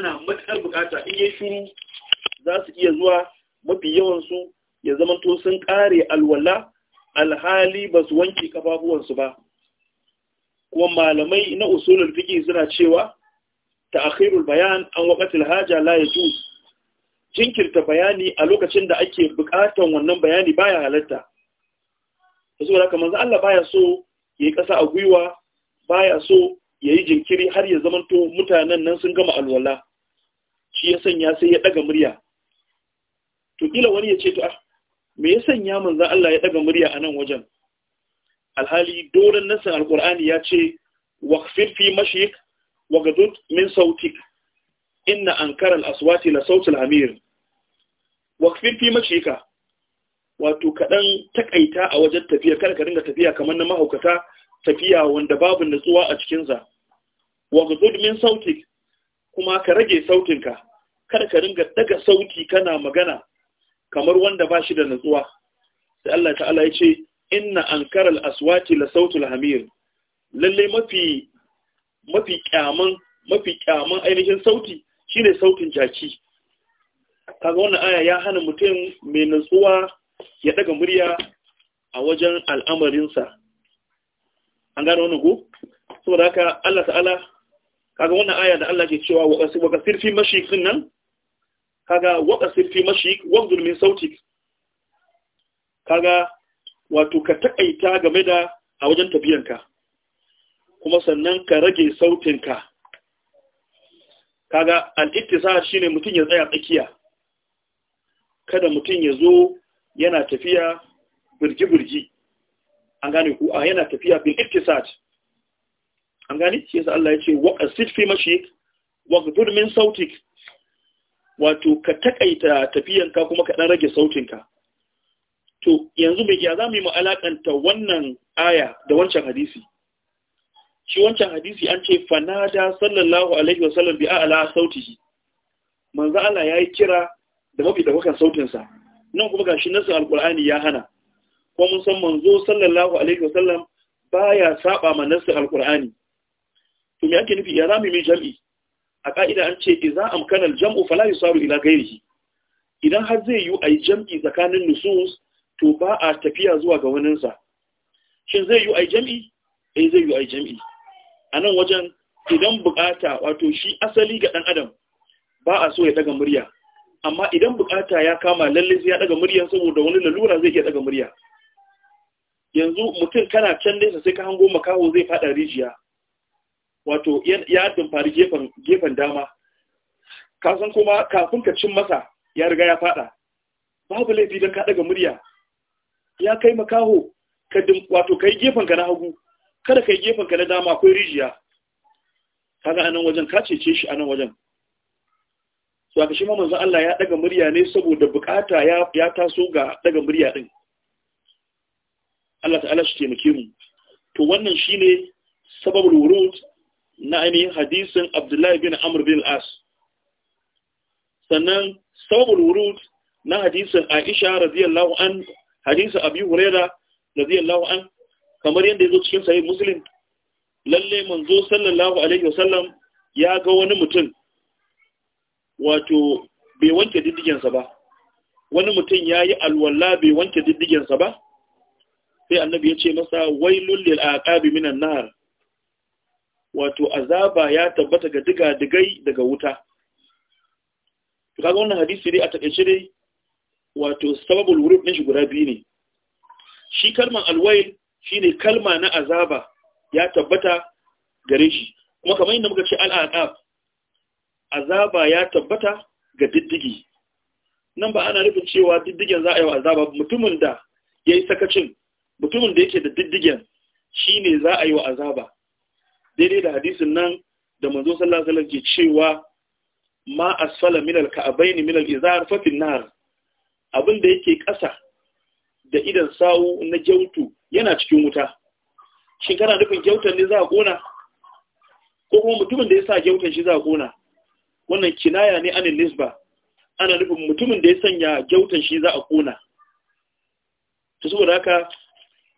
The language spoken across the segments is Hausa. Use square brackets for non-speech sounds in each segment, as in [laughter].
ana matuƙar bukata in yi shuru za su iya zuwa mafi yawansu ya zamanto sun kare alwala alhali ba su wanke kafafuwansu ba kuma malamai na usulul fiqi suna cewa akhirul bayan an waqatil haja la yajuz jinkirta bayani a lokacin da ake bukatan wannan bayani baya halatta saboda kamar za Allah baya so ya yi kasa a gwiwa baya so ya yi jinkiri har ya zamanto mutanen nan sun gama alwala shi ya sanya sai ya ɗaga murya to ƙila wani ya ce to ah, me ya sanya za Allah ya ɗaga murya a nan wajen alhali doron nasin alkur'ani ya ce wa fi mashik gadud min sautik inna an al-aswati la sautul hamir wa fi mashika wato kaɗan takaita a wajen tafiya kada ka dinga tafiya kamar na mahaukata tafiya wanda babu natsuwa a cikinsa wa gadud min sautik kuma ka rage sautinka kada ka ringa daga sauti kana magana kamar wanda ba shi da natsuwa sai Allah ta'ala ya ce inna ankaral aswati la sautul hamir lalle mafi mafi kyaman mafi kyaman ainihin sauti shine sautin jaki kaga wannan aya ya hana mutum mai natsuwa ya daga murya a wajen al'amarinsa an gano wannan ko saboda haka Allah ta'ala kaga wannan aya da Allah ke cewa wa kasir fi mashiqin nan kaga waka fi mashik wabdul min sautik kaga wato ka takaita game da a wajen tafiyanka kuma sannan ka rage sautinka kaga al-ittisa shine mutum ya tsaya tsakiya kada mutum ya zo yana tafiya birgi-birgi an gane ku a yana tafiya bin' ittisat an gane shi yasa Allah ya ce waqasid fi mashik waqdur min sautik wato ka takaita tafiyanka kuma ka dan rage sautinka to yanzu me ya zamu yi mu alakanta wannan aya da wancan hadisi shi wancan hadisi an ce fanada sallallahu alaihi wasallam bi a'la sautihi manzo Allah yayi kira da mafi dawakan sautin sa nan kuma gashi nasu alqur'ani ya hana ko mun san manzo sallallahu alaihi wasallam baya saba ma nasu alqur'ani to me ake nufi ya zamu yi jami'i? a ƙa'ida an ce iza amkana al-jam'u fala yusaru ila ghairihi idan har zai yi ayi jam'i tsakanin nusus to ba a tafiya zuwa ga wanin shin zai yi ayi jam'i eh zai yi ayi jam'i anan wajen idan bukata wato shi asali ga ɗan adam ba a so ya ɗaga murya amma idan bukata ya kama lalle sai ya daga murya saboda wani lalura zai iya daga murya yanzu mutum kana can nesa sai ka hango makaho zai faɗa rijiya wato ya dumfari gefen dama kasan kuma kafin ka cin masa ya riga ya fada babu laifi don ka daga murya ya kai makaho wato yi gefen ka na hagu kada yi gefen ka na dama akwai rijiya kaga anan wajen ka cece shi anan wajen su aka shi manzon Allah ya daga murya ne saboda bukata ya taso ga daga murya din Allah ta'ala shi taimake mu to wannan shine sababul wurud na ainihin hadisin abdullahi bin amr bin as sannan sababul wurud na hadisin aisha radiyallahu an hadisin abi Hurera radiyallahu an kamar yadda ya zo cikin sahih muslim lalle manzo sallallahu alaihi wasallam ya ga wani mutum wato bai wanke diddigensa ba wani mutum ya yi alwala bai wanke diddigensa ba sai annabi ya ce masa wai lullil ƙabi minan nahar, wato azaba ya tabbata ga diga-digai daga wuta kaga wannan hadisi dai a takaice dai wato sababul wurud din shi guda biyu ne shi kalman alwail shine kalma na azaba ya tabbata gare shi kuma kamar yadda muka ce al'aqab azaba ya tabbata ga diddigi nan ba ana nufin cewa diddigen za a yi wa azaba mutumin da ya yi sakacin mutumin da yake da diddigen shi ne za a yi wa azaba daidai da hadisin nan da manzo sallallahu alaihi wasallam ke cewa ma asfala min al-ka'bayn min al-izar fa fi nar abin da yake ƙasa da idan sawu na gyautu yana cikin wuta shin kana nufin gyautan ne za a kona ko kuma mutumin da ya sa gyautan shi za a kona wannan kinaya ne anin nisba ana nufin mutumin da ya sanya gyautan shi za a kona to saboda haka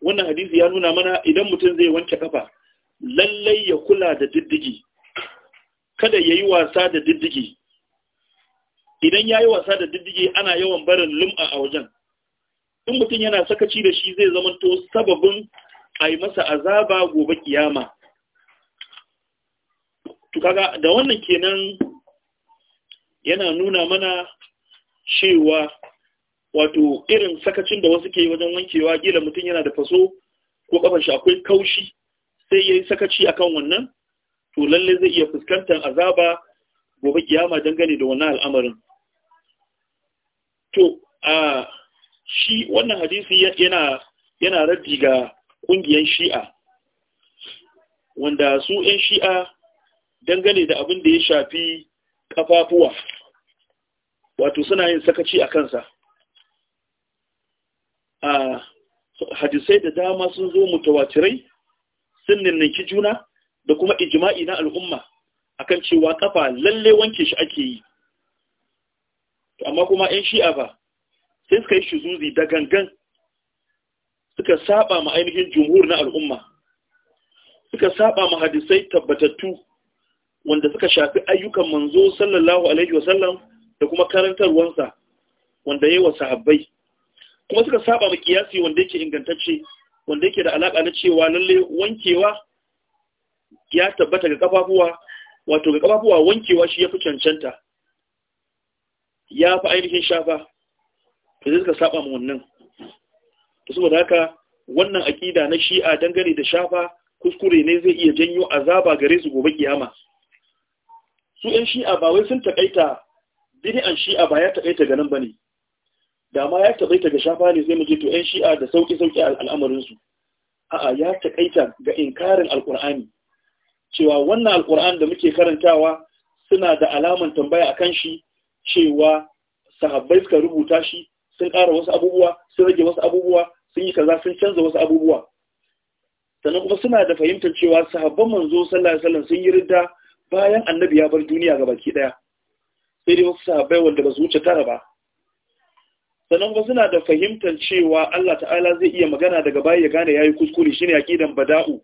wannan hadisi ya nuna mana idan mutum zai wanke kafa lallai ya kula da diddigi kada ya yi wasa da diddigi idan ya yi wasa da diddigi ana yawan barin lum'a a wajen in mutum yana sakaci da shi zai zamanto sababin a yi masa azaba gobe kiyama tukaga da wannan kenan yana nuna mana cewa wato irin sakacin da wasu ke wajen wankewa gila mutum yana da faso ko kafar akwai kaushi sai yi sakaci a kan wannan to lalle zai iya fuskantar azaba gobe kiyama dangane da wannan al'amarin to a shi wannan hadisi yana yana raddi ga ƙungiyar shi'a wanda su 'yan shi'a dangane da abin da ya shafi ƙafafuwa, wato suna yin sakaci a kansa a hadisai da dama sun zo mutawatirai sun ki juna da kuma ijma'i na al'umma akan cewa kafa lalle wanke shi ake yi to amma kuma ɗan shi'a ba sai suka yi shuzuzi da gangan suka saba ma ainihin jumhur na al'umma suka saba ma hadisai tabbatattu wanda suka shafi ayyukan manzo sallallahu alaihi wasallam da kuma karantarwansa wanda yayi wa sahabbai kuma suka saba ma kiyasi wanda yake ingantacce wanda yake da alaka na cewa lalle wankewa ya tabbata ga kafafuwa wato ga kafafuwa wankewa shi yafi cancanta ya fi ainihin shafa da zai suka saba mu wannan to saboda haka wannan aƙida na shi'a dangane da shafa kuskure ne zai iya janyo azaba gare su gobe kiyama su ɗan shi'a ba wai sun takaita bid'an shi'a ba ya takaita ganin bane Dama ma ya taɓaita ga shafa ne zai mu to 'yan shi'a da sauƙi-sauƙi al'amarinsu a'a ya taƙaita ga inkarin alƙur'ani cewa wannan alƙur'an da muke karantawa suna da alaman tambaya akan shi cewa sahabbai suka rubuta shi sun ƙara wasu abubuwa sun rage wasu abubuwa sun yi kaza sun canza wasu abubuwa sannan kuma suna da fahimtar cewa sahabban manzo sallallahu alaihi wasallam sun yi ridda bayan annabi ya bar duniya gabaki daya sai dai wasu sahabbai wanda ba su wuce tara ba sannan ba suna da fahimtar cewa Allah ta'ala zai iya magana daga baya ya gane ya yi kuskure shine aqidan bada'u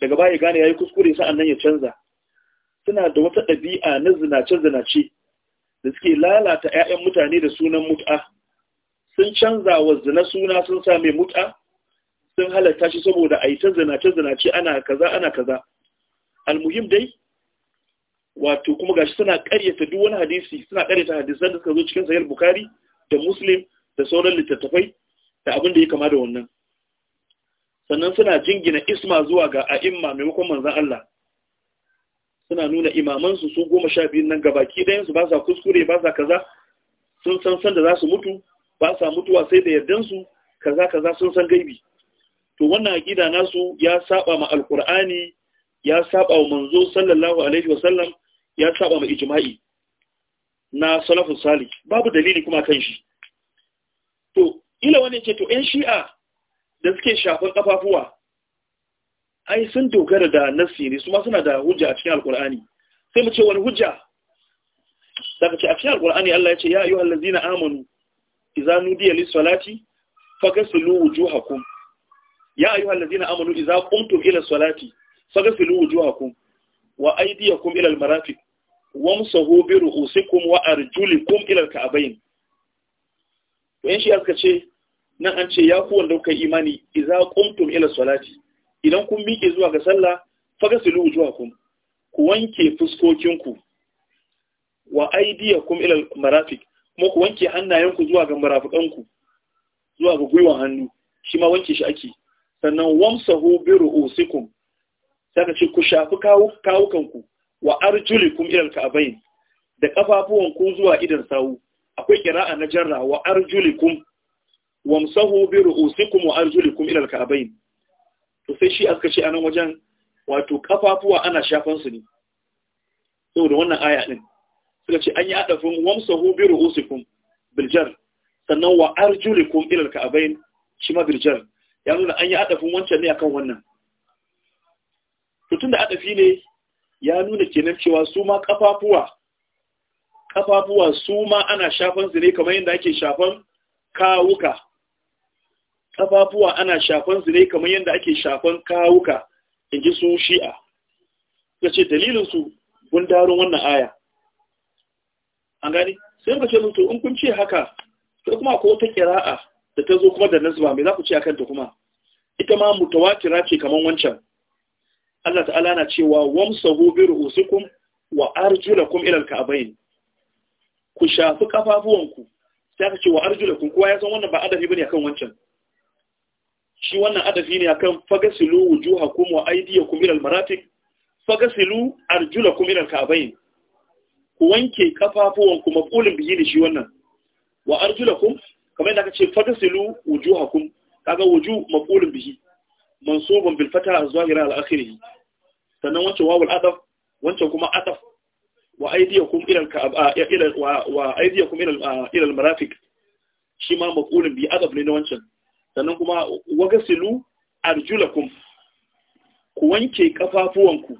daga baya ya gane ya yi kuskure sa'annan ya canza suna da wata ɗabi'a na zinace zinace da suke lalata 'ya'yan mutane da sunan mut'a sun canza wa zina suna sun mai mut'a sun halarta shi saboda a yi ta zinace zinace ana kaza ana kaza almuhim dai wato kuma gashi suna ƙaryata duk wani hadisi suna karyata hadisan da suka zo cikin sahih bukhari da muslim da sauran littattafai da abin da ya kama da wannan sannan suna jingina isma zuwa ga a'imma maimakon manzan Allah suna nuna imamansu su goma sha biyun nan gabaki ɗayansu ba sa kuskure ba sa kaza sun san san da za su mutu ba sa mutuwa sai da yardansu kaza kaza sun san gaibi to wannan aqida nasu ya saba ma alqur'ani ya saba wa manzo sallallahu alaihi wasallam ya saba ma ijma'i na salafin sali babu dalili kuma kan shi to ila wani ce to 'yan shi'a da suke shafin kafafuwa ai sun dogara da nasiri su ma suna da hujja a cikin alkur'ani sai mu ce wani hujja daga ce a cikin alkur'ani Allah ya ce ya ayyuhal ladzina amanu idza nudiya lis salati faghsilu wujuhakum ya ayyuhal ladzina amanu idza qumtum ila salati faghsilu wujuhakum wa aydiyakum ila al marafiq wamsahu bi ru'usikum wa arjulikum ila al-ka'bayn to in shi aka ce nan an ce ya ku wanda kai imani idza qumtum ila salati idan kun miƙe zuwa ga sallah fagasilu wujuhakum ku wanke fuskokinku wa aydiyakum ila marafiq kuma ku wanke hannayenku zuwa ga marafiqanku zuwa ga gwiwan hannu shi ma wanke shi ake sannan wamsahu bi ru'usikum ka ce ku shafi kawukan ku. wa arjulikum ila ka'bayn da kafafuwan ku zuwa idan sawu akwai kira'a na jarra wa arjulikum wamsahu bi ru'usikum wa arjulikum ila ka'bayn to sai shi aka ce anan wajen wato kafafuwa ana shafan su ne saboda wannan aya din suka ce an yi adafin wamsahu bi ru'usikum bil jar sannan wa arjulikum ila ka'bayn shi ma bil jar ya nuna an yi adafin wancan ne akan wannan to tunda adafi ne ya nuna kenan cewa su ma kafafuwa kafafuwa su ma ana shafan su ne kamar yadda ake shafan kawuka kafafuwa ana shafan su ne kamar yadda ake shafan kawuka in ji su shi'a ya ce dalilinsu gundarin wannan aya an gani sai ba ce mutu in kun ce haka sai kuma ko ta kira'a da ta zo kuma da nasba mai za ku ce akan ta kuma ita ma mutawatira ce kamar wancan Allah ta'ala na cewa wamsahu bi ru'usikum wa arjulakum ila al-ka'bayn ku shafi kafafuwanku sai ka ce wa arjulakum kowa ya san wannan ba adafi bane akan wancan shi wannan adafi ne akan fagasilu wujuhakum wa aydiyakum ila al-marafiq fagasilu arjulakum ila al-ka'bayn ku wanke kafafuwanku maqulun bihi ne shi wannan wa arjulakum kamar yadda aka ce fagasilu wujuhakum kaga wuju maqulun bihi mansubun bil fataha zahira al akhirih sannan wancan wawul adaf wancan kuma adaf wa aydiyakum ila al ila wa aydiyakum ila al marafiq shi ma maqulun bi adaf ne na wancan sannan kuma wagasilu arjulakum ku wanke kafafuwanku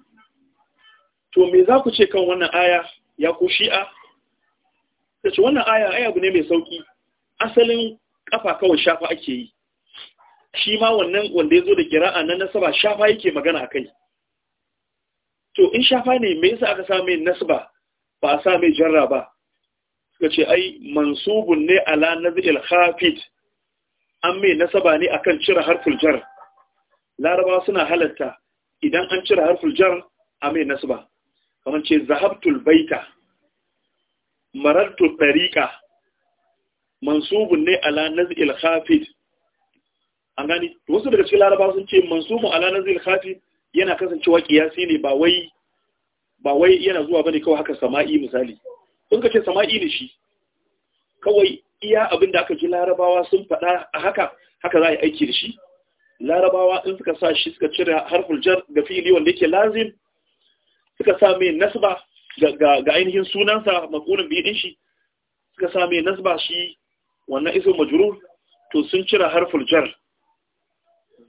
to me za ku ce kan wannan aya ya ku shi'a ta wannan aya aya abu ne mai sauki asalin kafa kawai shafa ake yi shi ma wannan wanda ya zo da kira'a na nasaba shafa yake magana a kai to in shafa ne me yasa aka same nasaba ba a same jarra ba suka ce ai mansubun ne ala nazil khafit an mai nasaba ne akan cire harful jar laraba suna halatta idan an cire harful jar a mai nasaba kamar ce zahabtul baita marartu tariqa mansubun ne ala nazil khafit an gani wasu daga cikin larabawa sun ce mansubu ala nazil khafi yana kasancewa kiyasi ne ba wai ba wai yana zuwa bane kawai haka sama'i misali in ka ce sama'i ne shi kawai iya abin da aka ji larabawa sun faɗa a haka haka za a yi aiki da shi larabawa in suka sa shi suka cire harful jar ga fi'ili wanda yake lazim suka sa mai nasba ga ainihin sunansa makonin biyu din shi suka sa mai nasba shi wannan iso majrur to sun cire harful jar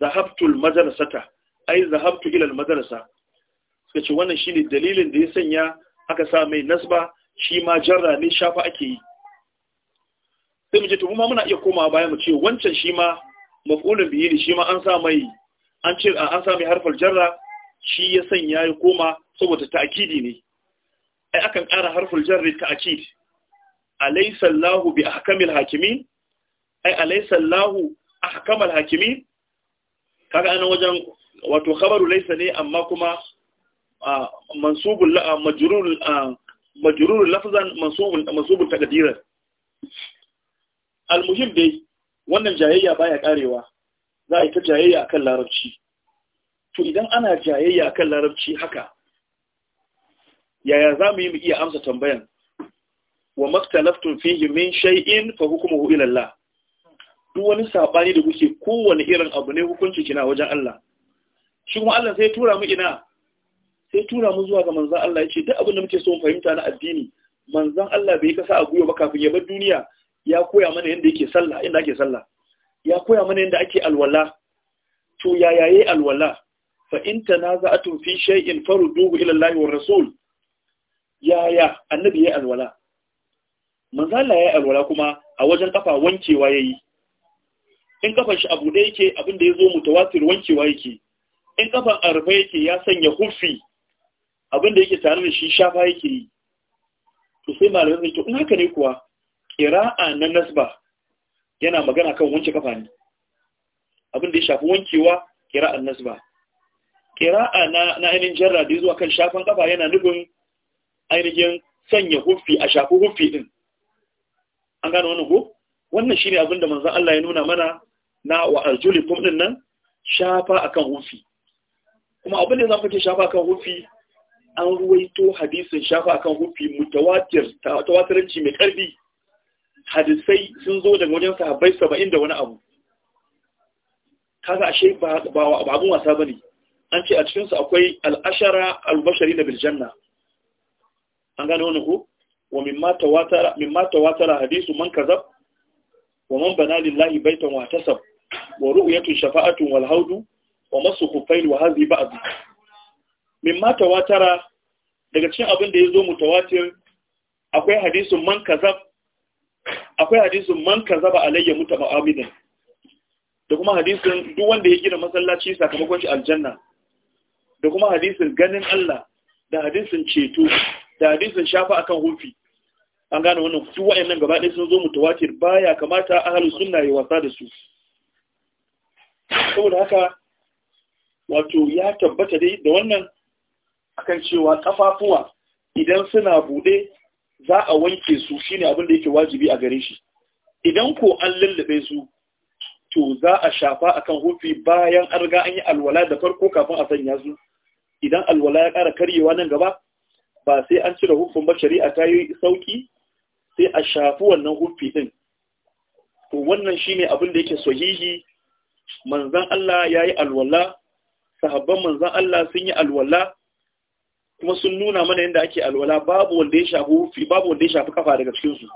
zahabtu almadrasata ai zahabtu ila almadrasa suka ce wannan shine dalilin da ya sanya aka sa mai nasba shi ma jarra ne shafa ake yi sai mu ce to muna iya komawa baya mu ce wancan shi ma maf'ulun ne shi ma an sa mai an ce an sa mai harfar jarra shi ya sanya ya koma saboda ta'kidi ne ai akan ƙara harfar jarri ta'kid alaysa Allahu bi ahkamil hakimin ai alaysa Allahu ahkamal hakimin kaga anan wajen wato khabaru laysa ne amma kuma mansubul majrur majrur lafzan mansubul mansubul taqdiran almuhim dai wannan jayayya baya karewa za a yi ta jayayya akan larabci to idan ana jayayya akan larabci haka yaya za mu yi mu iya amsa tambayan wa maktalaftun fihi min shay'in fa hukmuhu ila Allah duk wani sabani da kuke kowane irin abu ne hukunci kina wajen Allah shi kuma Allah sai tura mu ina sai tura mu zuwa ga manzon Allah yace duk abin da muke so mu fahimta na addini manzon Allah bai kasa a guyo ba kafin ya bar duniya ya koya mana yanda yake sallah inda ake sallah ya koya mana yanda ake alwala to ya yaye alwala fa in tanaza'atum fi shay'in farudduhu ila Allah wa rasul ya ya annabi yayi alwala manzon Allah yayi alwala kuma a wajen kafa wankewa yayi in kafan shi abu da yake abin da ya zo mutawatir wankewa yake in kafan arfa yake ya sanya hufi abin da yake tare da shi shafa yake yi to sai malamai zai in haka ne kuwa qira'a na nasba yana magana kan wanke kafa ne abin da ya shafi wankewa qira'an nasba qira'a na na ainihin jarra da zuwa kan shafan kafa yana nufin ainihin sanya hufi a shafi hufi din an gano wannan ko wannan shine abin da manzon Allah ya nuna mana na wa arjulikum din nan shafa akan hufi kuma abin da zamu ce shafa akan hufi an ruwaito hadisin shafa akan hufi mutawatir tawatirci mai karbi hadisai sun zo daga wajen sahabbai 70 da wani abu kaga ashe ba ba abun wasa bane an ce a cikin su akwai al-ashara al-bashari bil janna an gane wannan ko wa mimma tawatara mimma tawatara hadisu man kazab wa man bana lillahi baitan wa tasab wa ru'yatu shafa'atun wal haudu wa masu kufail wa hazi ba'd mimma tawatara daga cikin abin da yazo mutawatir akwai hadisin man kazab akwai hadisin man kazaba alayya mutaba'amidan da kuma hadisin duk wanda ya gina masallaci sakamakon shi aljanna da kuma hadisin ganin Allah da hadisin ceto da hadisin shafa akan hufi an gane wannan duk wayannan gaba ɗaya sun zo mutawatir baya kamata ahlus sunna ya wasa da su saboda haka wato ya tabbata dai da wannan akan cewa kafafuwa idan suna bude za a wanke su shine abin da yake wajibi a gare shi idan ko an lullube su to za a shafa akan hufi bayan an riga an yi alwala da farko kafin a sanya su idan alwala ya ƙara karyewa nan gaba ba sai an cire hufin ba shari'a ta yi sauki sai a shafi wannan hufi din to wannan shine abin da yake sahihi manzan Allah ya yi alwala sahabban manzan Allah sun yi alwala kuma sun nuna mana yadda ake alwala babu wanda ya shafi babu wanda ya shafi kafa daga cikinsu. su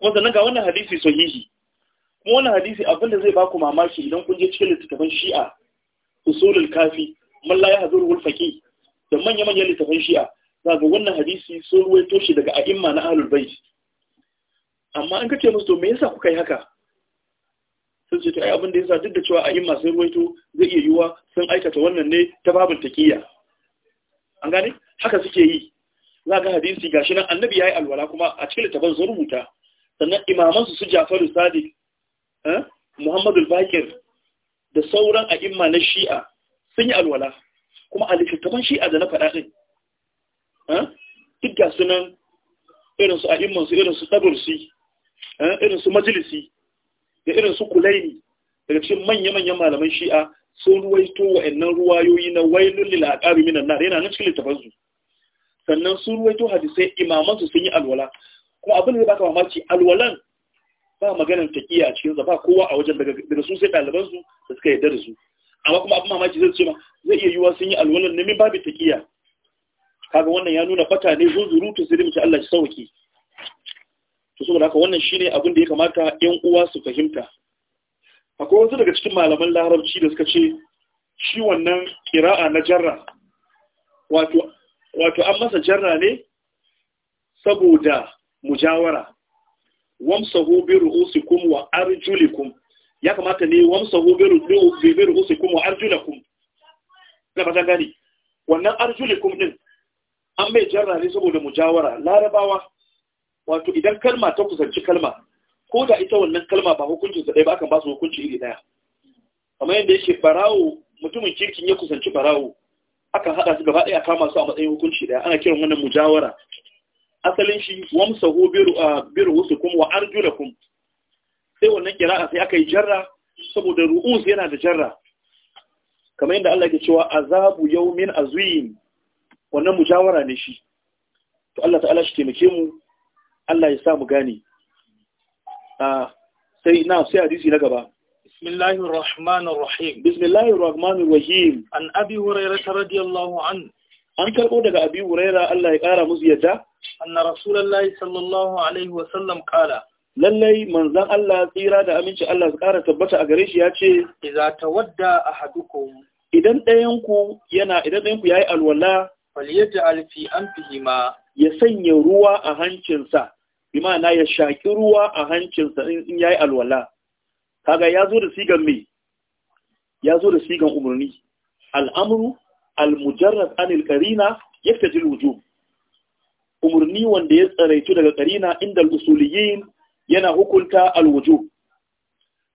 kuma sannan ga wannan hadisi sahihi kuma wannan hadisi abin da zai baku ku mamaki idan kun je cikin littattafan Shi'a usulul kafi mallah ya hazuru wulfaki, da manya manyan littattafan Shi'a za ga wannan hadisi sun ruwaito shi daga a'imma na ahlul bai. amma an kace musu to me yasa kuka yi haka sun ce to ai abin da yasa duk da cewa a imma sun ruwaito zai iya yiwa sun aikata wannan ne ta babin taqiya an gane haka suke yi za ga hadisi gashi nan annabi yayi alwala kuma a cikin littafin sun rubuta sannan imaman su su Jafaru Sadiq eh Muhammadu Bakir da sauran imma na Shi'a sun yi alwala kuma a littattafan Shi'a da na faɗa din eh duk ga sunan irin su a'imman su irin su Tabursi eh irin su Majlisi da irin su kulaini daga cikin manya-manyan malaman shi'a sun ruwaito wa'annan ruwayoyi na lila a ƙari minan nar yana nan cikin littafin su sannan sun ruwaito hadisai imaman su sun yi alwala kuma abin da baka mamaci alwalan ba maganar taqiya a cikin sa ba kowa a wajen daga daga su sai ɗaliban su da suka yarda da su amma kuma abin mamaci zai ce ma zai iya yiwuwa sun yi alwalan ne min babu taqiya kaga wannan ya nuna fata ne zo zurutu sirri mace Allah shi sauki to saboda haka wannan shine abin da ya kamata ƴan uwa su fahimta akwai wasu daga cikin malaman larabci da suka ce shi wannan kira'a na jarra wato wato an masa jarra ne saboda mujawara wamsahu bi ru'usikum wa arjulikum ya kamata ne wamsahu bi ru'usikum wa arjulakum na ba gani wannan arjulikum din an mai jarra ne saboda mujawara larabawa wato idan kalma ta kusanci kalma ko da ita wannan kalma ba hukuncin sa ɗaya ba akan ba su hukunci iri ɗaya kamar yadda yake barawo mutumin kirkin ya kusanci barawo aka haɗa su gaba ɗaya kama su a matsayin hukunci ɗaya ana kiran wannan mujawara asalin shi sahu biru a wasu husukum wa arjulakum sai wannan kira'a sai aka yi jarra saboda ru'us yana da jarra kamar yadda Allah ke cewa azabu yawmin azim wannan mujawara ne shi to Allah ta'ala shi taimake mu Allah ya sa mu gane ah, sai na sai hadisi na gaba بسم الله الرحمن الرحيم بسم الله الرحمن الرحيم عن أبي هريرة رضي الله عنه an karɓo daga abi huraira Allah ya ƙara musu yadda anna rasulullahi sallallahu alaihi wa sallam qala lallai manzon Allah tsira da aminci Allah su ƙara tabbata a gare ya ce idza tawadda ahadukum idan ɗayan yana idan ɗayan ku yayi alwala falyaj'al fi anfihi ma ya sanya ruwa a hancinsa bi ma'ana ya shaƙi ruwa a hancinsa in ya yi alwala kaga ya zo da sigan mai ya zo da sigan umarni al'amuru al-mujarrad anil karina ya tajil wujub umarni wanda ya tsaraitu daga karina inda al yana hukunta alwujo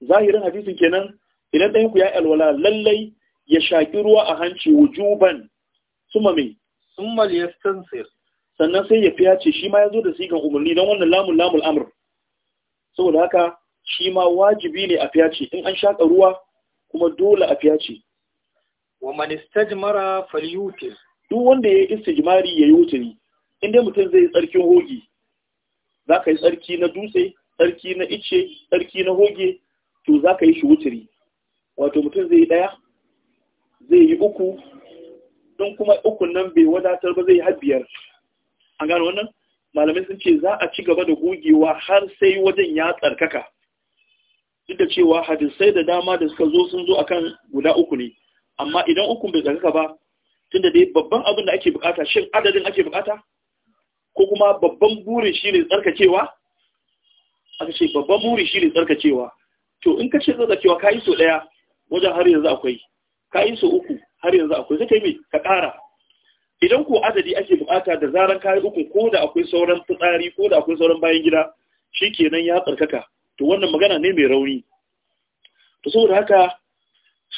zahirin hadisin kenan idan ɗayan ku ya yi alwala lallai ya shaƙi ruwa a hanci wujuban suma mai sannan sai ya fiya ce shi ma ya zo da sigan umarni don wannan lamun lamun amur saboda haka shi ma wajibi ne a fiya ce in an shaƙa ruwa kuma dole a fiya ce wa manista jimara falyutir duk wanda ya yi istijmari ya yi wuturi inda mutum zai yi tsarkin hogi za ka yi tsarki na dutse tsarki na ice tsarki na hoge to za ka yi shi wuturi wato mutum zai yi ɗaya zai yi uku don kuma ukun nan bai wadatar ba zai yi har biyar an gano wannan malamai sun ce za a ci gaba da gogewa har sai wajen ya tsarkaka duk da cewa hadisai da dama da suka zo sun zo akan guda uku ne amma idan uku bai tsarkaka ba tunda dai babban abin da ake bukata shin adadin ake bukata ko kuma babban burin ne tsarkakewa aka ce babban buri shi ne tsarkakewa to in ka ce tsarkacewa ka yi so ɗaya wajen har yanzu akwai ka yi so uku har yanzu akwai sai kai me ka ƙara idan ko adadi ake bukata da zaran kayi uku ko da akwai sauran fitsari ko da akwai sauran bayan gida shi kenan ya tsarkaka to wannan magana ne mai rauni to saboda haka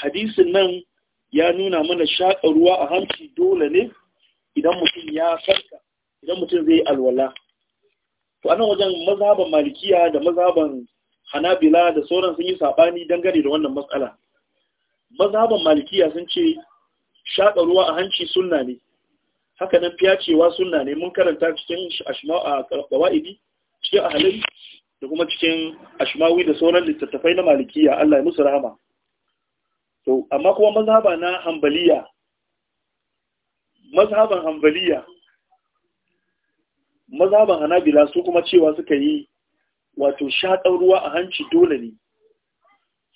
hadisin nan ya nuna mana shaƙa ruwa a hanci dole ne idan mutum ya farka idan mutum zai alwala to anan wajen mazhaban malikiya da mazhaban hanabila da sauran sun yi sabani dangane da wannan matsala mazhaban malikiya sun ce shaƙa ruwa a hanci sunna ne haka nan fiyacewa suna ne mun karanta cikin ashma'a cikin ahalai da kuma cikin ashmawi da sauran littattafai na malikiya Allah ya musu rahama to amma kuma mazhaba na hanbaliya mazhaban hanbaliya mazhaban hanabila su kuma cewa suka yi wato shaɗar ruwa a hanci dole ne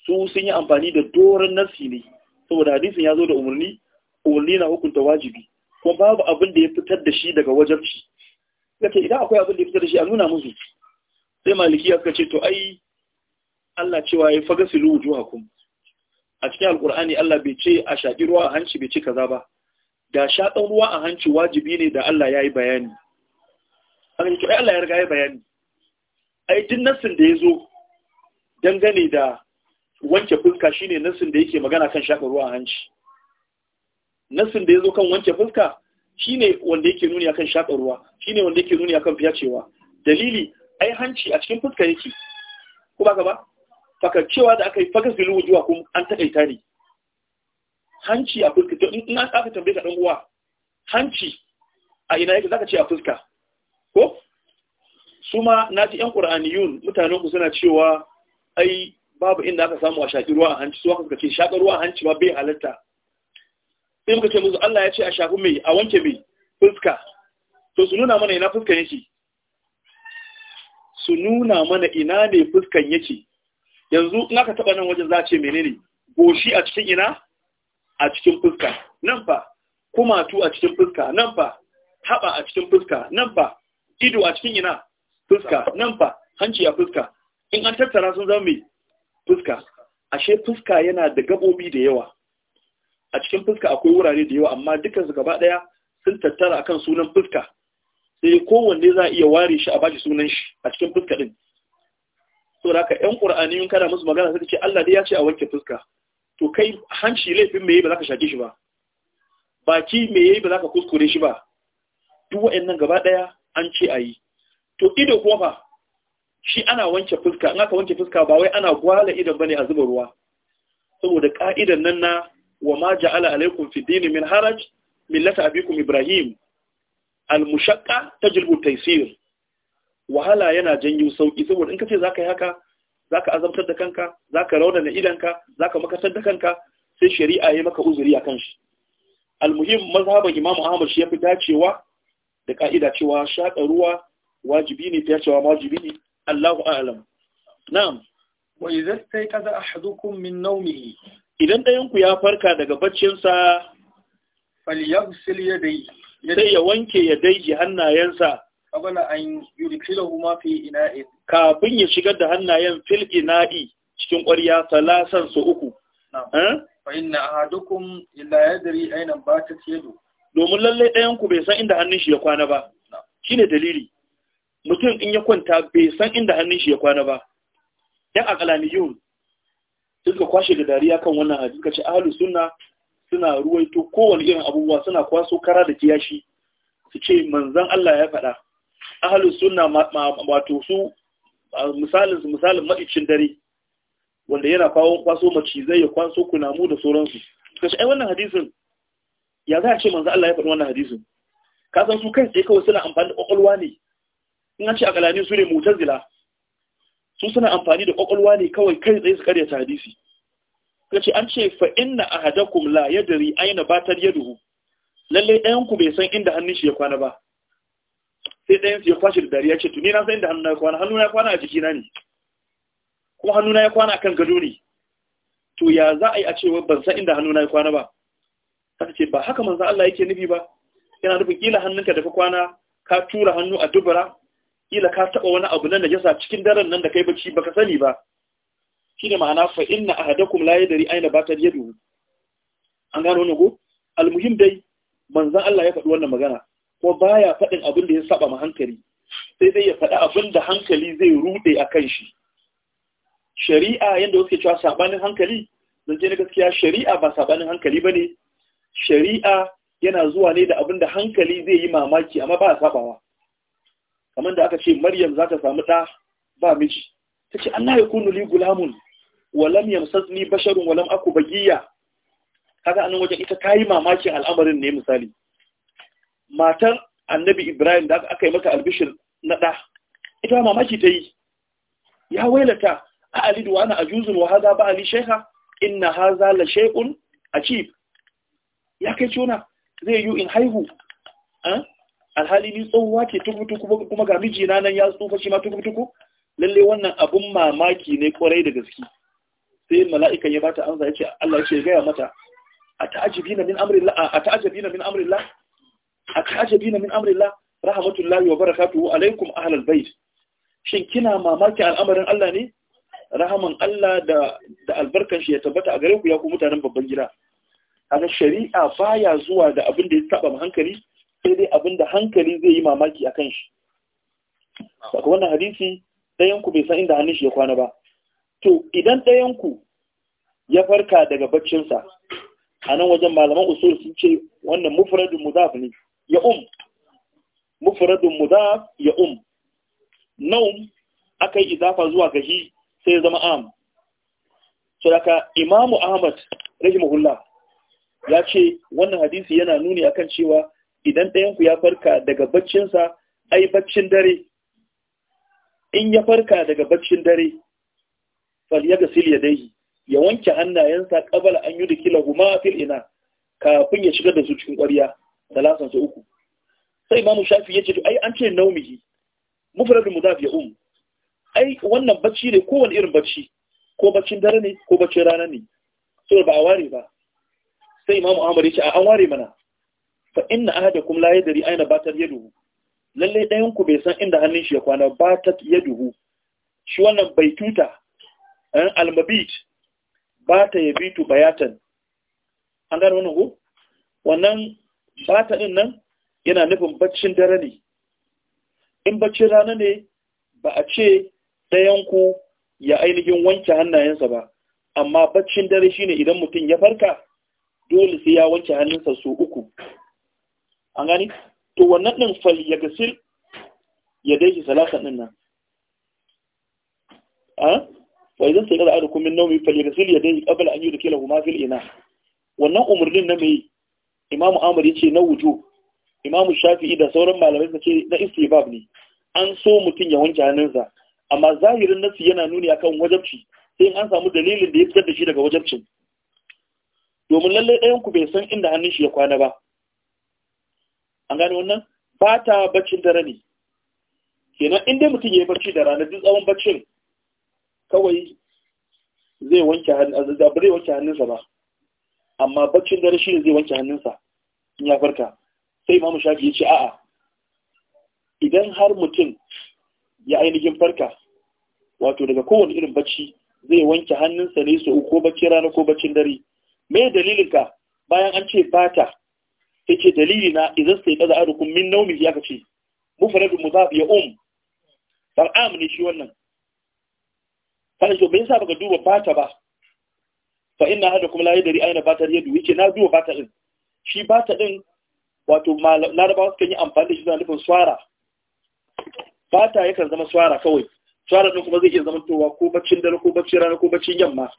su sun yi amfani da doron nasi ne saboda hadisin ya zo da umarni umarni na hukunta wajibi ko babu abin da ya fitar da shi daga wajen wajabci kace idan akwai abin da ya fitar da shi a nuna musu sai ya suka ce to ai Allah cewa ya faga silu wujuhakum a cikin alkur'ani Allah bai ce a shaƙi ruwa a hanci bai ce kaza ba da shaƙan ruwa a hanci wajibi ne da Allah ya yi bayani an ne Allah ya riga ya bayani ai duk nassin da ya zo dangane da wanke fuska shine nassin da yake magana kan shaka ruwa a hanci nasin da ya zo kan wanke fuska shine wanda yake nuni akan shaƙa Shi shine wanda yake nuni akan fiyacewa dalili ai hanci a cikin fuska yake ko ba ba fakar cewa da aka yi fakar zilu wujuwa kuma an takaita ne hanci a fuska in an aka tambaye ka dan uwa hanci a ina yake zaka ce a fuska ko su ma na ji yan qur'aniyun mutanen ku suna cewa ai babu inda aka samu a shaki ruwa a hanci su aka ce shakar ruwa a hanci ba bai halatta in ka ce musu Allah ya ce a shafi mai a wanke mai fuska to su nuna mana ina fuskan yake su nuna mana ina ne fuskan yake yanzu in aka taba nan wajen za a ce menene goshi a cikin ina a cikin fuska nan fa kumatu a cikin fuska nan fa haba a cikin fuska nan fa ido a cikin ina fuska nan fa hanci a fuska in an tattara sun zama mai fuska ashe fuska yana da gabobi da yawa a cikin fuska akwai wurare da yawa amma dukansu gaba ɗaya sun tattara akan sunan fuska sai kowanne za a iya ware shi a bashi sunan shi a cikin fuska ɗin so da haka ƴan ƙur'aniyun kana musu magana sai ce Allah dai ya ce a wanke fuska to kai hanci laifin me yayi ba za ka shake shi ba baki me yayi ba za ka kuskure shi ba duk wa'annan gaba ɗaya an ce a to ido kuma fa shi ana wanke fuska in aka wanke fuska ba wai ana gwala idan bane a zuba ruwa saboda ka'idan nan na wa ma ja'ala alaikum fi dini min haraj millata abikum ibrahim al-mushaqqa tajlibu taysir wahala yana janyo sauki saboda in kace zaka yi haka zaka azabtar da kanka zaka raunana idanka zaka makatar da kanka sai shari'a ya maka uzuri akan shi Almuhim, muhim mazhaban imamu ahmad shi yafi dacewa da ka'ida cewa shaƙa ruwa wajibi ne ta cewa wajibi ne Allahu a'lam na'am wa idza stayqaza ahadukum min nawmihi idan ɗayanku ya farka daga baccinsa falyaghsil yadai sai ya wanke ya daiji hannayensa qabla an yudkhiluhuma fi ina'i kafin ya shigar da hannayen fil ina'i cikin ƙwarya salasan su uku eh? fa inna ahadukum illa yadri aina batat yadu domin lalle ɗayanku bai san inda hannun shi ya kwana ba shine dalili mutum in ya kwanta bai san inda hannun shi ya kwana ba yan aqlaniyun suka kwashe da dariya kan wannan hadisi kace ahlus sunna suna ruwaito kowanne irin abubuwa suna kwaso kara da kiyashi su ce manzon Allah ya faɗa ahlus sunna wato su misalin su misalin madicin dare wanda yana kawo kwaso macizai ya kwaso kunamu da sauransu kace ai wannan hadisin ya za a ce manzon Allah ya faɗi wannan hadisin ka san su kai tsaye kawai suna amfani da kwakwalwa ne in an ce a kalani su ne mutazila su suna amfani da kwakwalwa ne kawai kai tsaye su karyata hadisi ka ce an ce fa inna ahadakum la yadri aina batar duhu lalle ɗayan ku bai san inda hannun shi ya kwana ba sai ɗayan su ya kwashe da dariya ce tuni na san inda hannuna ya kwana hannuna ya kwana a jikina ne kuma hannuna ya kwana kan gado ne to ya za a yi a cewa ban san inda hannuna ya kwana ba ta ce ba haka manzo Allah yake nufi ba yana nufin kila hannunka da ka kwana ka tura hannu a dubura kila ka taba wani abu nan da yasa cikin daren nan da kai bacci baka sani ba shine ma'ana fa inna ahadakum la yadri ayna bata yadu an gano ne ko almuhim dai manzon Allah ya faɗi wannan magana ko baya faɗin abin da ya saba ma hankali sai dai ya faɗi abin da hankali zai rude a kan shi shari'a yanda wasu ke cewa sabanin hankali zan je na gaskiya shari'a ba sabanin hankali ba ne shari'a yana zuwa ne da abin da hankali zai yi mamaki amma ba sabawa kamar da aka ce maryam za ta samu ɗa ba miji ta ce allah ya kunu li gulamun walam ni basharun walam aku bagiya kaga anan wajen ita ta yi mamakin al'amarin ne misali matar annabi ibrahim da aka yi mata albishir na ɗa ita mamaki ta yi ya wailata a alidu wa ana ajuzun wa haza ba ali shaiha inna haza la shay'un ajib ya kai ciwona zai yi in haihu eh? alhali ni tsohuwa ke tukutuku kuma ga mijina nan ya tsufa shi ma tukutuku lalle wannan abun mamaki ne kwarai da gaske sai mala'ikan ya bata ansa yace Allah yace gaya mata ata'jibina min amrillah ata'jibina min amrillah ata'jibina min amrillah rahmatullahi wa barakatuhu alaikum ahlal bait shin kina mamaki al'amarin Allah ne rahaman Allah da da albarkan shi ya tabbata a gare ku ya ku mutanen babban gida kaga shari'a baya zuwa da abin da ya saba hankali sai dai da hankali zai yi mamaki a kan shi saka wannan hadisi ɗayanku bai san inda hannun shi ya kwana ba to idan ɗayanku ya farka daga baccinsa a nan wajen malaman usul sun ce wannan mufradun mudaf ne ya um mufradun mudaf ya um naum aka yi zafa zuwa gashi sai ya zama am daga imamu ahmad rahimahullah ya ce wannan hadisi yana nuni akan cewa idan ɗayanku ya farka daga baccinsa ai baccin dare in ya farka daga baccin dare fal ya gasil ya dai ya wanke hannayensa ƙabal an yi dikila huma fil ina kafin ya shigar da su cikin ƙwarya talasan su uku sai mamu shafi ya ce ai an ce naumihi mufradul mudaf ya um ai wannan bacci ne kowane irin bacci ko baccin dare ne ko baccin rana ne so ba a ware ba sai mamu ahmad ya ce a an ware mana fa inna ahadakum la yadri ayna batat yaduhu lalle dayan ku bai san inda hannun shi ya kwana batat yaduhu shi wannan bai tuta an eh, almabit bata yabitu bayatan an gane wannan ko wannan bata din nan yana nufin baccin dare ne in baccin rana ne ba a ce ɗayanku ku ya ainihin wanke hannayensa ba amma baccin dare shine idan mutum ya farka dole sai ya wanke hannunsa su uku an gani to wannan din fal ya gasil ya dai shi salatan din nan a fa idan sai da adu kumin naumi fal ya gasil ya dai qabla an yudkila kuma fil ina wannan din na mai imam Ahmad yace na wujo imam Shafi'i da sauran malamai suka ce na istibab ne an so mutun ya wanke hannunsa amma zahirin nasu yana nuni akan wajabci sai an samu dalilin da ya fitar da shi daga wajabcin domin lallai ɗayan ku bai san inda hannun shi ya kwana ba an gane wannan ba ta baccin dare ne kenan inda mutum ya yi bacci da rana duk tsawon baccin kawai zai wanke hannunsa ba zai wanke hannunsa ba amma baccin dare shi ne zai wanke hannunsa in ya farka sai imamu shafi ya ce a'a idan har mutum ya ainihin farka wato daga kowane irin bacci zai wanke hannunsa ne su ko baccin rana ko baccin dare me dalilinka bayan an ce bata yace dalili na idan sai kaza arukum min nawmi ya kace mufradun mudaf ya um dan amne shi wannan kana to me yasa baka duba fata ba fa inna hadakum la yadri aina fatar yadu yake na duba fata din shi fata din wato larabawa suka yi amfani da shi suna nufin swara fata yakan zama swara kawai swara din kuma zai iya zama towa ko baccin dare ko baccin rana ko baccin yamma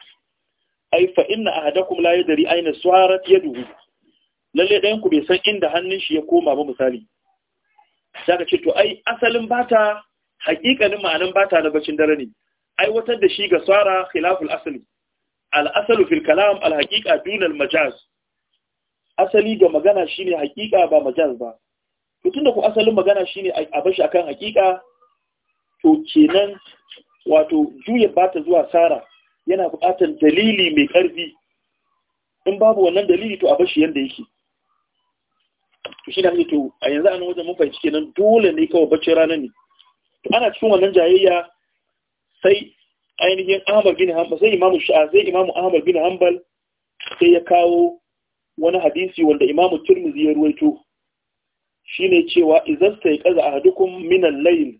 ai fa inna ahadakum la yadri aina swarat yaduhu lalle ɗayan ku bai san inda hannun shi ya koma ba misali sai ka ce to ai asalin bata haƙiƙanin ma'anin bata na bacin dare ne aiwatar da shi ga tsara khilaful asali al'asalu fil kalam al haqiqa dunal majaz asali ga magana shine haqiqa ba majaz ba to tunda ku asalin magana shine a bashi akan haqiqa to kenan wato juya bata zuwa tsara yana buƙatar dalili mai ƙarfi in babu wannan dalili to a bashi yanda yake to shi da ake to a yanzu an wajen mafai fahimci nan dole ne kawai bacci rana ne to ana cikin wannan jayayya sai ainihin Ahmad bin Hanbal sai Imamu Sha'a sai Imam Ahmad bin Hanbal sai ya kawo wani hadisi wanda Imamu Tirmidhi ya ruwaito shine cewa idan sai kaza ahadukum min al-layl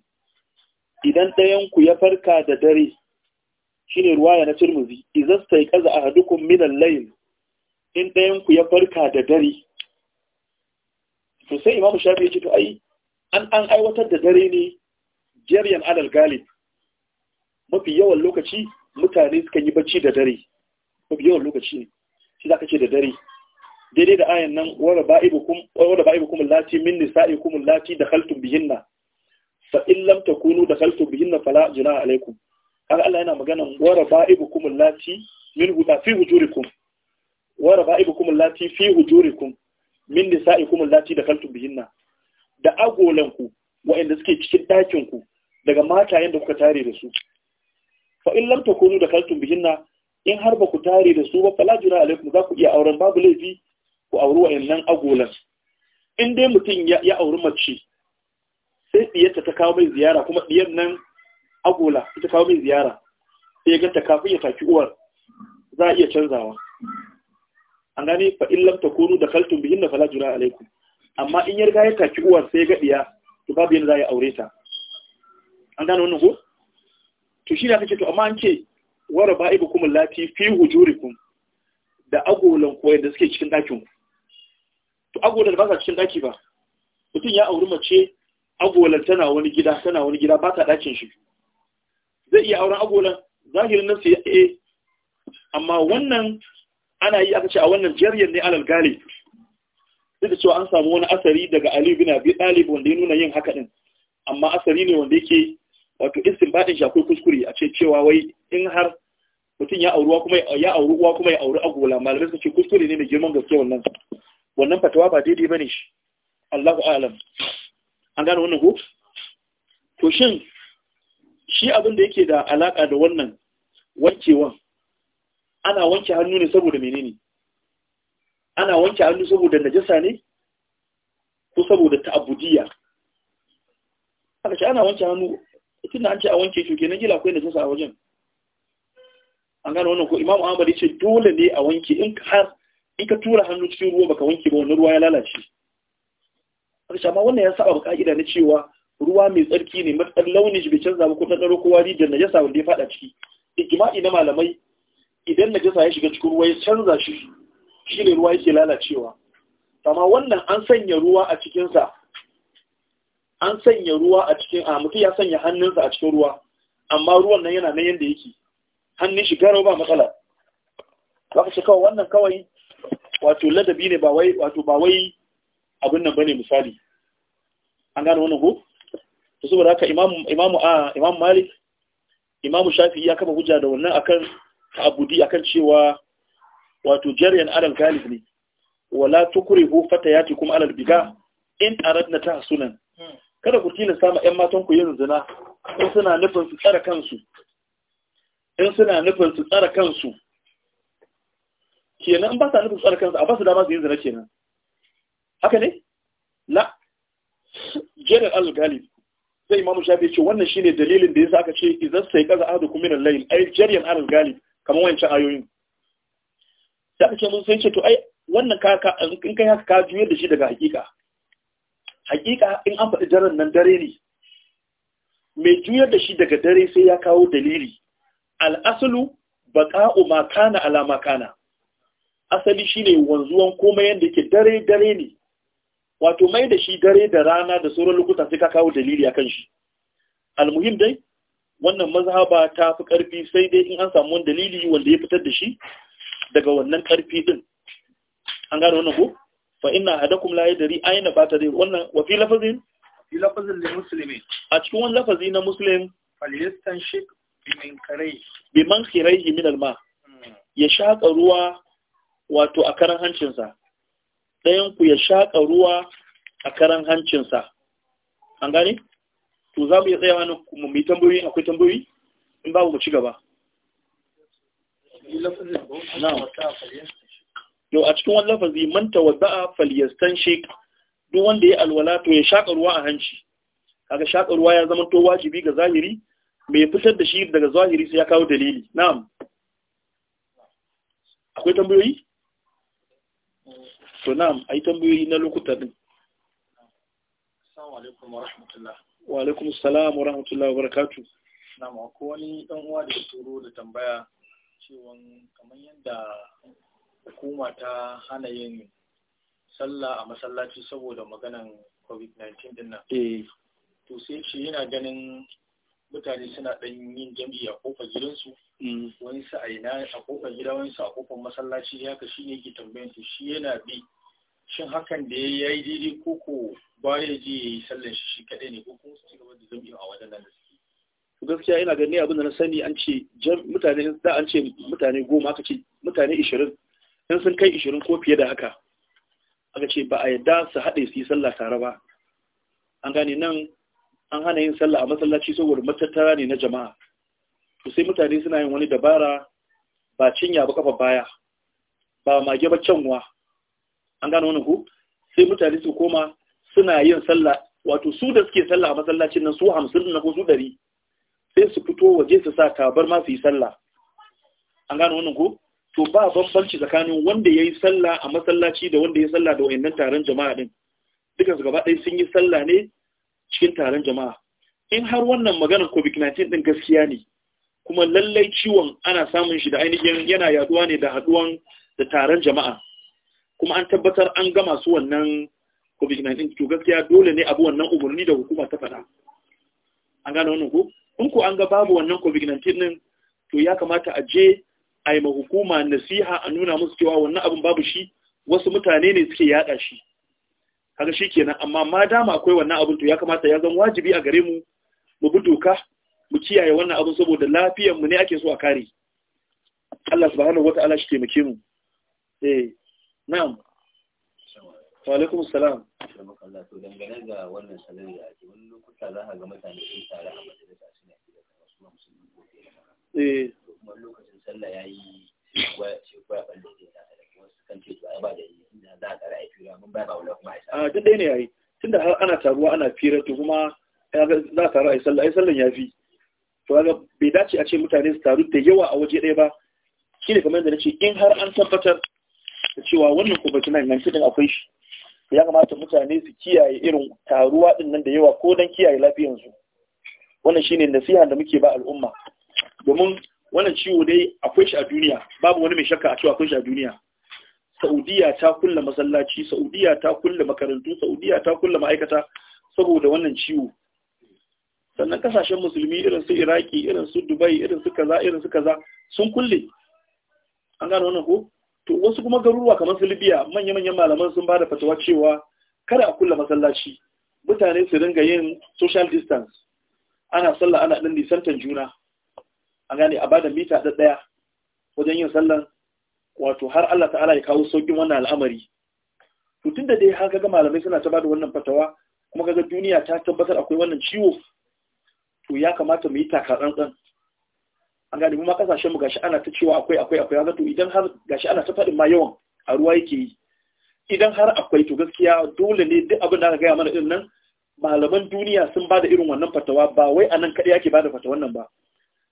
idan ɗayan ku ya farka da dare shine ruwaya na Tirmidhi idan sai kaza ahadukum min al-layl in ɗayan ku ya farka da dare to sai imam shafi ya ce to ai an an aiwatar da dare ne jeryan alal galib mafi yawan lokaci mutane suka yi bacci da dare mafi yawan lokaci ne shi ka ce da dare daidai da ayan nan wara ba'ibukum wara ba'ibukum allati min nisa'ikum allati dakhaltum bihinna fa in lam takunu dakhaltum bihinna fala junaha alaykum kaga Allah yana magana wara kuma lati, min huda fi hujurikum wara kuma lati, fi hujurikum min nisa'ikum allati dakaltum bihinna da agolan ku wa'anda suke cikin ɗakin ku daga matayen da kuka tare da su fa in lam takunu dakaltum bihinna in har ba ku tare da su ba fala jira alaikum za ku iya auren babu laifi ku auri wa'annan agolan in dai mutum ya auri mace sai diyarta ta kawo mai ziyara kuma diyar nan agola ita kawo mai ziyara sai ga ta kafin ya taki uwar za a iya canzawa an gane fa illam takunu dakhaltum bihinna da juna alaikum amma in ya ya taki uwar sai gad'iya, to babu yadda za a yi aure ta an gane wannan ko to shi da kake to amma an ce wa kuma lati fi hujurikum da agolan koyar da suke cikin ɗakin to agolan ba sa cikin ɗaki ba mutum ya auri mace agolan tana wani gida tana wani gida ba ta ɗakin shi zai iya auren agolan zahirin nan sai eh amma wannan ana yi aka ce a wannan jariyar ne alal gali duk da cewa an samu wani asari daga Ali bin Abi Talib wanda ya nuna yin haka din amma asari ne wanda yake wato istinbadin shi akwai kuskure a ce cewa wai in har mutum ya auruwa kuma ya auri uwa kuma ya auri agola malamai suka ce kuskure ne mai girman gaske wannan wannan fatawa ba daidai bane shi Allahu a'lam an gane wannan ko to shin shi abin da yake da alaka da wannan wankewan ana wanke hannu ne saboda menene ana wanke hannu saboda najasa ne ko saboda ta'abudiyya haka ce ana wanke hannu tunda an ce a wanke shi kenan gila akwai najasa a wajen an gano wannan ko imamu ahmad yace dole ne a wanke in ka har in ka tura hannu cikin ruwa baka wanke ba wannan ruwa ya lalace haka ce amma wannan ya saba ka'ida na cewa ruwa mai tsarki ne matsar launin shi bai canza ba ko ɗanɗano ko wari da najasa wanda ya faɗa ciki ijma'i na malamai idan najasa ya shiga cikin ruwa ya canza shi shi ne ruwa yake lalacewa amma wannan an sanya ruwa a cikinsa an sanya ruwa a cikin a mutum ya sanya hannunsa a cikin ruwa amma ruwan nan yana nan yadda yake hannun shi garau ba matsala za ka kawai wannan kawai wato ladabi ne ba wai wato ba wai abin nan bane misali an gane wannan ko to saboda haka Imam imamu a imamu malik imamu shafi'i ya kafa hujja da wannan akan ta'abudi akan cewa wato jaryan alal galib ne wala tukrihu fatayatikum alal biga in aradna tahsunan hmm. kada ku tilasta ma ƴan matan ku yin zina in suna nufin su tsara kansu in suna nufin su tsara kansu kenan ba sa nufin tsara kansu a ba su dama su yin zina kenan haka ne la jerin al-galib sai imamu shafi ce wannan shine dalilin da yasa aka ce idan sai kaza ahadu min al-layl ay jaryan al-galib kamar wancan ayoyin da ake mun sai ce to ai wannan ka in kai haka ka juyar da shi daga hakika hakika in an faɗi daren nan dare ne mai juyar da shi daga dare sai ya kawo dalili al'asalu baƙa'u makana ala makana asali shine wanzuwan komai yanda yake dare dare ne wato mai da shi dare da rana da sauran lokuta sai ka kawo dalili akan shi almuhim dai wannan mazhaba ta fi ƙarfi sai dai in an samu dalili wanda ya fitar da shi daga wannan ƙarfi din an gane wannan ko fa inna hadakum la yadri ayna ba ta dai wannan wa fi lafazin fi lafazin lil muslimin a cikin wannan lafazi na muslim bi min karai biman khiraihi min alma hmm. ya shaka ruwa wato a karan hancinsa dayan ku ya shaka ruwa a karan hancinsa an gane to za mu iya tsayawa nan mu yi tambayoyi akwai tambayoyi in babu mu ci gaba yau a cikin wani lafazi man tawadda'a falyastan shek duk wanda ya alwala to ya shaƙa ruwa a hanci kaga shaƙa ruwa ya zama to wajibi ga zahiri mai fitar da shi daga zahiri sai ya kawo dalili na'am akwai tambayoyi to na'am ai tambayoyi na lokuta din assalamu alaikum wa rahmatullah wa alaikum salam wa rahmatullahi wa barakatu na mako wani dan uwa da turo da tambaya cewa kamar yadda hukuma ta hana yin sallah a masallaci saboda maganan covid-19 din nan eh. to sai shi yana ganin mutane suna ɗan yin jam'i a kofar gidansu mm. wani sa'aina a kofar gida wani sa a kofar masallaci haka shi ne ke shi yana bi shin hakan da ya yi daidai ko ko ba ya ji ya yi sallan shi shi kaɗai ne ko kuma su ci gaba da zama a nan da suke. gaskiya ina gani abin da na sani an ce mutane da an ce mutane goma aka ce mutane ishirin in sun kai ishirin ko fiye da haka aka ce ba a yadda su haɗe su yi sallah tare ba an gane nan an hana yin sallah a masallaci saboda matattara ne na jama'a to sai mutane suna yin wani dabara ba cinya ba kafa baya ba mage ba kyanwa an gano wani ku sai mutane su koma suna yin sallah wato su da suke sallah a masallacin nan su hamsin na ko su ɗari sai su fito waje su sa tabar ma su yi sallah an gano wannan ku. to ba bambanci tsakanin wanda ya yi sallah a masallaci da wanda ya yi sallah da wayannan taron jama'a din dukan su gaba ɗaya sun yi sallah ne cikin taron jama'a in har wannan maganar covid-19 din gaskiya ne kuma lallai ciwon ana samun shi da ainihin yana yaduwa ne da haduwan da taron jama'a kuma an tabbatar an gama su wannan covid-19 to gaskiya dole ne abu wannan umarni da hukuma ta faɗa an gane wannan ko in ko an ga babu wannan covid-19 din to ya kamata a je a yi hukuma nasiha a nuna musu cewa wannan abin babu shi wasu mutane ne suke yaɗa shi kaga shikenan amma ma dama akwai wannan abin to ya kamata ya zama wajibi a gare mu mu bi doka mu kiyaye wannan abin saboda lafiyar mu ne ake so a kare Allah subhanahu wataala shi taimake mu eh na'am salam Allah eh. ga wannan salari a majalisa suna da ba da yi inda za a fira mun ba ba kuma duk ɗaya ne ya yi tunda har ana taruwa ana fira to kuma za a taru a yi sallah a yi sallan ya fi to kaga bai dace a ce mutane su taru da yawa a waje ɗaya ba shi ne kamar yadda na ce in har an tabbatar da cewa wannan covid-19 din akwai shi ya kamata mutane su kiyaye irin taruwa din nan da yawa ko don kiyaye lafiyansu wannan shine nasiha da muke ba al'umma domin wannan ciwo dai akwai shi a duniya babu wani mai shakka a cewa akwai shi a duniya saudiya ta kulle masallaci saudiya ta kulle makarantu saudiya ta kulle ma'aikata saboda wannan ciwo sannan kasashen musulmi irin su iraki irin su dubai irin su kaza irin su kaza sun kulle an gano wannan ko to wasu kuma garuruwa kamar su libya manya-manyan malaman sun ba da fatawa cewa kada a kulla masallaci mutane su ringa yin social distance ana sallah ana ɗin nisantar juna a gane a bada mita ɗaya wajen yin sallan wato har Allah ta'ala ya kawo sauƙin wannan al'amari to tunda dai har kaga malamai suna ta bada wannan fatawa kuma kaga duniya ta tabbatar akwai wannan ciwo to ya kamata mu yi taka ɗan. an gane kuma ma kasashen mu gashi ana ta cewa akwai akwai akwai haka to idan har gashi ana ta faɗin ma yawan a ruwa yake yi idan har akwai to gaskiya dole ne duk abin da aka gaya mana irin nan malaman duniya sun ba da irin wannan fatawa ba wai a nan kaɗai ake ba da fatawan nan ba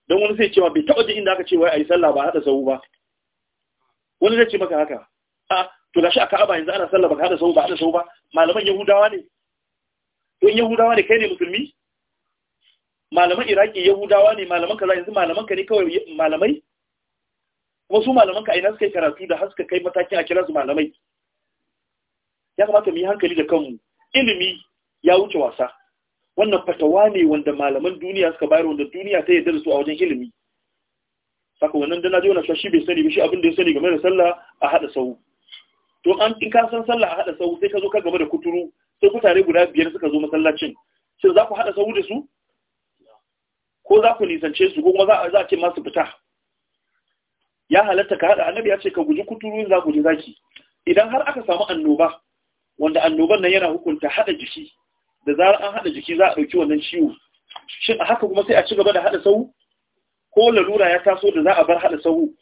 don wani sai cewa bai taɓa jin inda aka ce wai a yi sallah ba haɗa sahu ba wani zai ce maka haka a to gashi a ka'aba yanzu ana sallah ba haɗa sahu ba haɗa sahu ba malaman yahudawa ne to in yahudawa ne kai ne musulmi malaman iraki yahudawa ne malaman kaza yanzu malaman ka ne kawai malamai Wasu malaman ka ina suka yi karatu da haska kai matakin a kira su malamai ya kamata mu yi hankali da kanmu ilimi ya wuce wasa wannan fatawa ne wanda malaman duniya suka bayar wanda duniya ta yarda da su a wajen ilimi saka wannan dana je shi shi bai sani ba shi abin da ya sani game da sallah a hada sahu to an in ka san sallah a hada sahu sai ka zo ka game da kuturu sai kutare guda biyar suka zo masallacin shin za ku hada sahu da su ko za ku nisance su ko za a ce masu fita ya halatta ka haɗa annabi ya ce ka guji kuturu za guji zaki idan har aka samu annoba wanda annoban nan yana hukunta haɗa jiki da zarar an haɗa jiki za a ɗauki wannan ciwo shin a haka kuma sai a ci gaba da haɗa sahu ko lalura ya taso da za a bar haɗa sahu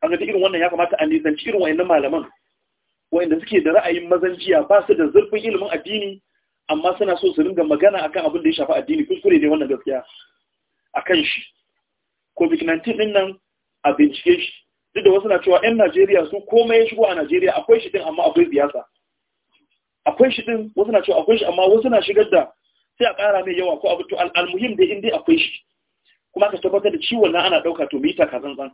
an ga irin wannan ya kamata a nisanci irin wa'annan malaman wa'anda suke da ra'ayin mazanjiya ba su da zurfin ilimin addini amma suna so su ringa magana akan abin da ya shafi addini kuskure ne wannan gaskiya a kan shi covid-19 ɗin nan a bincike shi duk da wasu na cewa 'yan najeriya su komai ya shigo a najeriya akwai shi ɗin amma akwai siyasa akwai shi ɗin wasu na cewa akwai shi amma wasu na shigar da sai a ƙara mai yawa ko abu to al'almuhim dai inda akwai shi kuma ka tabbatar da ciwon na ana ɗauka to mita ka zanzan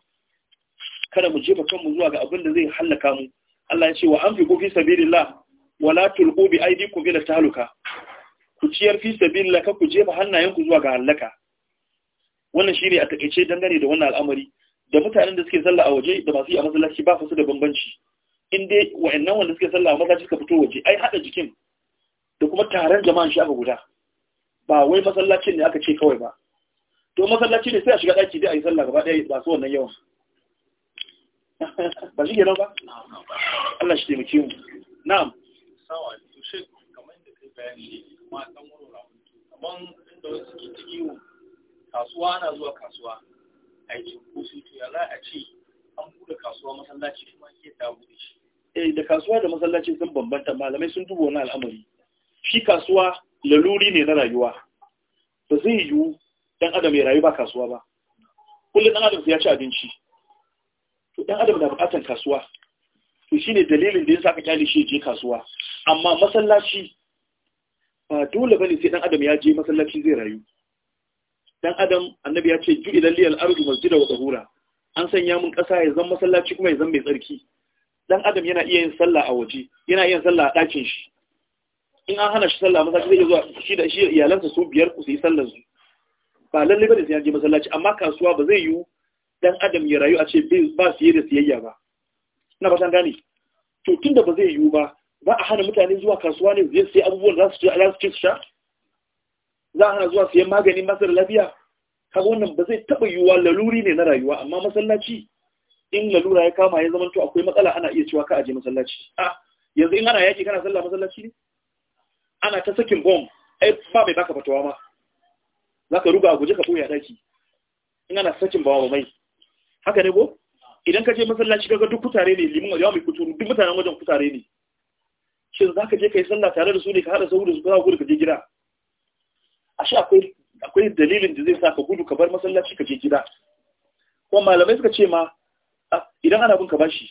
kada mu jefa kanmu zuwa ga abin da zai hallaka mu Allah ya ce wa an fi kofi sabilillah wala tulqu bi aydikum ila tahluka ku ciyar fi sabilillah ka ku jefa hannayenku zuwa ga halaka wannan ne a takaice dangane da wannan al'amari da mutanen da suke sallah a waje da masu yi a masallaci ba su da bambanci in dai wa'annan wanda suke sallah a masallaci suka fito waje ai hada jikin da kuma taron jama'an shi aka guda ba wai masallacin ne aka ce kawai ba to masallaci ne sai a shiga daki dai a yi sallah gaba ɗaya ba su wannan yawan [laughs] ba shi kenan ba Allah shi taimake mu na'am sawa to shi kamar da kai bayani ne kuma dan wuraren kaman inda wasu ke ta kasuwa ana zuwa kasuwa a yi cinkoso to ya za a ce an buɗe kasuwa masallaci kuma ke ta buɗe shi eh da kasuwa da masallaci sun bambanta malamai sun duba wani al'amari shi kasuwa laluri ne na rayuwa ba zai yiwu dan adam ya rayu ba kasuwa ba kullum dan adam sai ya ci abinci to dan adam na buƙatar kasuwa to shine dalilin da yasa ka kyale shi je kasuwa amma masallaci ba dole bane sai dan adam ya je masallaci zai rayu dan adam annabi ya ce ju'ilal liyal ardu masjida wa tahura an sanya mun ƙasa ya zama masallaci kuma ya zama mai tsarki dan adam yana iya yin sallah a waje yana iya yin sallah a ɗakin shi in an hana shi sallah masallaci zai zuwa shi da shi iyalansa su biyar ku su yi sallar su ba lalle bane sai ya je masallaci amma kasuwa ba zai yiwu dan adam ya rayu a ce ba yi da siyayya ba ina fatan gane to tunda ba zai yiwu ba ba a hana mutane zuwa kasuwa ne zai sai abubuwan za su ci su sha za a zuwa zuwa yin maganin masar lafiya kaga wannan ba zai taɓa yiwuwa laluri ne na rayuwa amma masallaci in lalura ya kama ya zamanto akwai matsala ana iya cewa ka aje masallaci a yanzu in ana yaki kana sallah masallaci ne ana ta sakin bom ai ba mai baka fatawa ma zaka ruga a guje ka boye daki in ana sakin bawa mai haka ne ko idan ka je masallaci kaga duk kutare ne limin yawa mai kuturu duk mutanen wajen kutare ne shin zaka je kai sallah tare da su ne ka hada sauri da su ka gudu ka je gida ashe akwai dalilin da zai sa ka gudu ka bar masallaci ka je gida kuma malamai suka ce ma idan ana bin ka bashi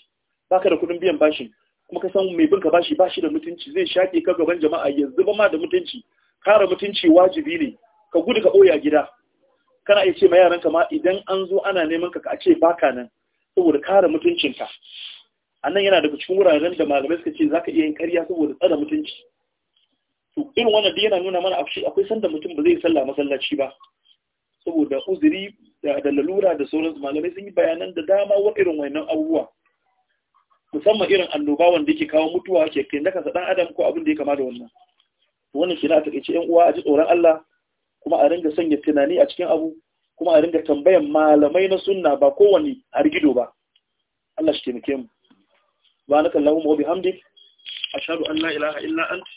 baka da kudin biyan bashin kuma ka san mai bin ka bashi bashi da mutunci zai shaƙe ka gaban jama'a yanzu ba ma da mutunci kara mutunci wajibi ne ka gudu ka boya gida kana iya ce ma yaran ka ma idan an zo ana neman ka ka ce baka nan saboda kara mutuncinka a nan yana daga cikin wuraren da malamai suka ce za ka iya yin karya saboda tsada mutunci to irin wannan da yana nuna mana afshi akwai sanda mutum ba zai sallah masallaci ba saboda uzuri da lalura da sauran malamai sun yi bayanan da dama wa irin wannan abubuwa musamman irin annoba wanda yake kawo mutuwa ke kai na kasa dan adam ko abin da ya kama da wannan to wannan kina ta kace yan uwa a ji tsoron Allah kuma a ringa sanya tunani a cikin abu kuma a ringa tambayan malamai na sunna ba kowani a rigido ba Allah shi ke mu subhanakallahumma wa bihamdi ashhadu an la ilaha illa anta